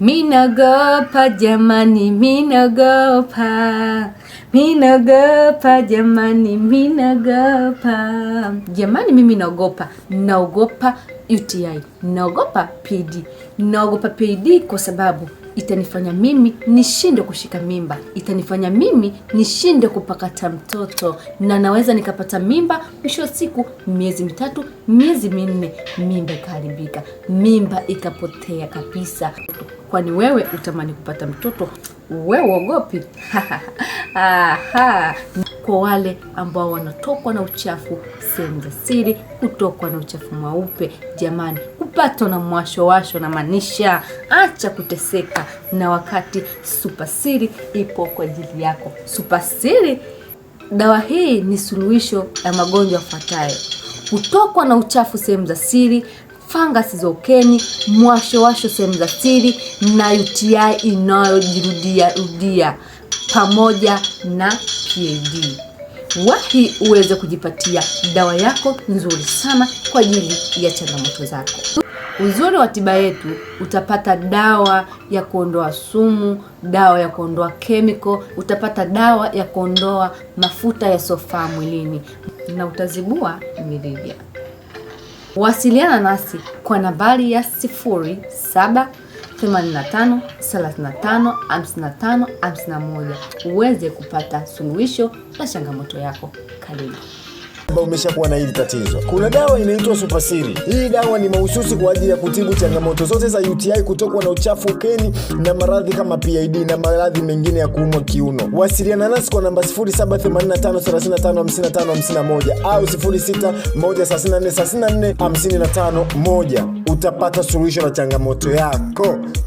Minagopa jamani, minagopa, minagopa jamani, minagopa jamani, mimi naogopa, naogopa UTI, naogopa PD. Ninaogopa PID kwa sababu itanifanya mimi nishinde kushika mimba, itanifanya mimi nishinde kupakata mtoto, na naweza nikapata mimba mwisho wa siku, miezi mitatu, miezi minne, mimba ikaharibika, mimba ikapotea kabisa. Kwani wewe utamani kupata mtoto? Wewe uogopi? Kwa wale ambao wanatokwa na uchafu sehemu za siri, kutokwa na uchafu mweupe, jamani mapato na mwashowasho, na maanisha acha kuteseka na wakati. Siri ipo kwa ajili yako. Siri, dawa hii ni suluhisho la magonjwa yafuatayo: kutokwa na uchafu sehemu za siri, fangasi za ukeni, mwashowasho sehemu za siri na UTI inayojirudia rudia pamoja na PID wahi uweze kujipatia dawa yako nzuri sana kwa ajili ya changamoto zako. Uzuri wa tiba yetu utapata dawa ya kuondoa sumu, dawa ya kuondoa kemiko, utapata dawa ya kuondoa mafuta yasiyofaa mwilini na utazibua mirija. Wasiliana nasi kwa nambari ya sifuri saba 85 uweze kupata suluhisho la changamoto yako. Karibu umeshakuwa na hili tatizo. Kuna dawa inaitwa Supasiri. Hii dawa ni mahususi kwa ajili ya kutibu changamoto zote za UTI, kutokwa na uchafu ukeni na maradhi kama PID na maradhi mengine ya kuumwa kiuno. Wasiliana nasi kwa namba 0785355551 au 0613434551 utapata suluhisho la changamoto yako.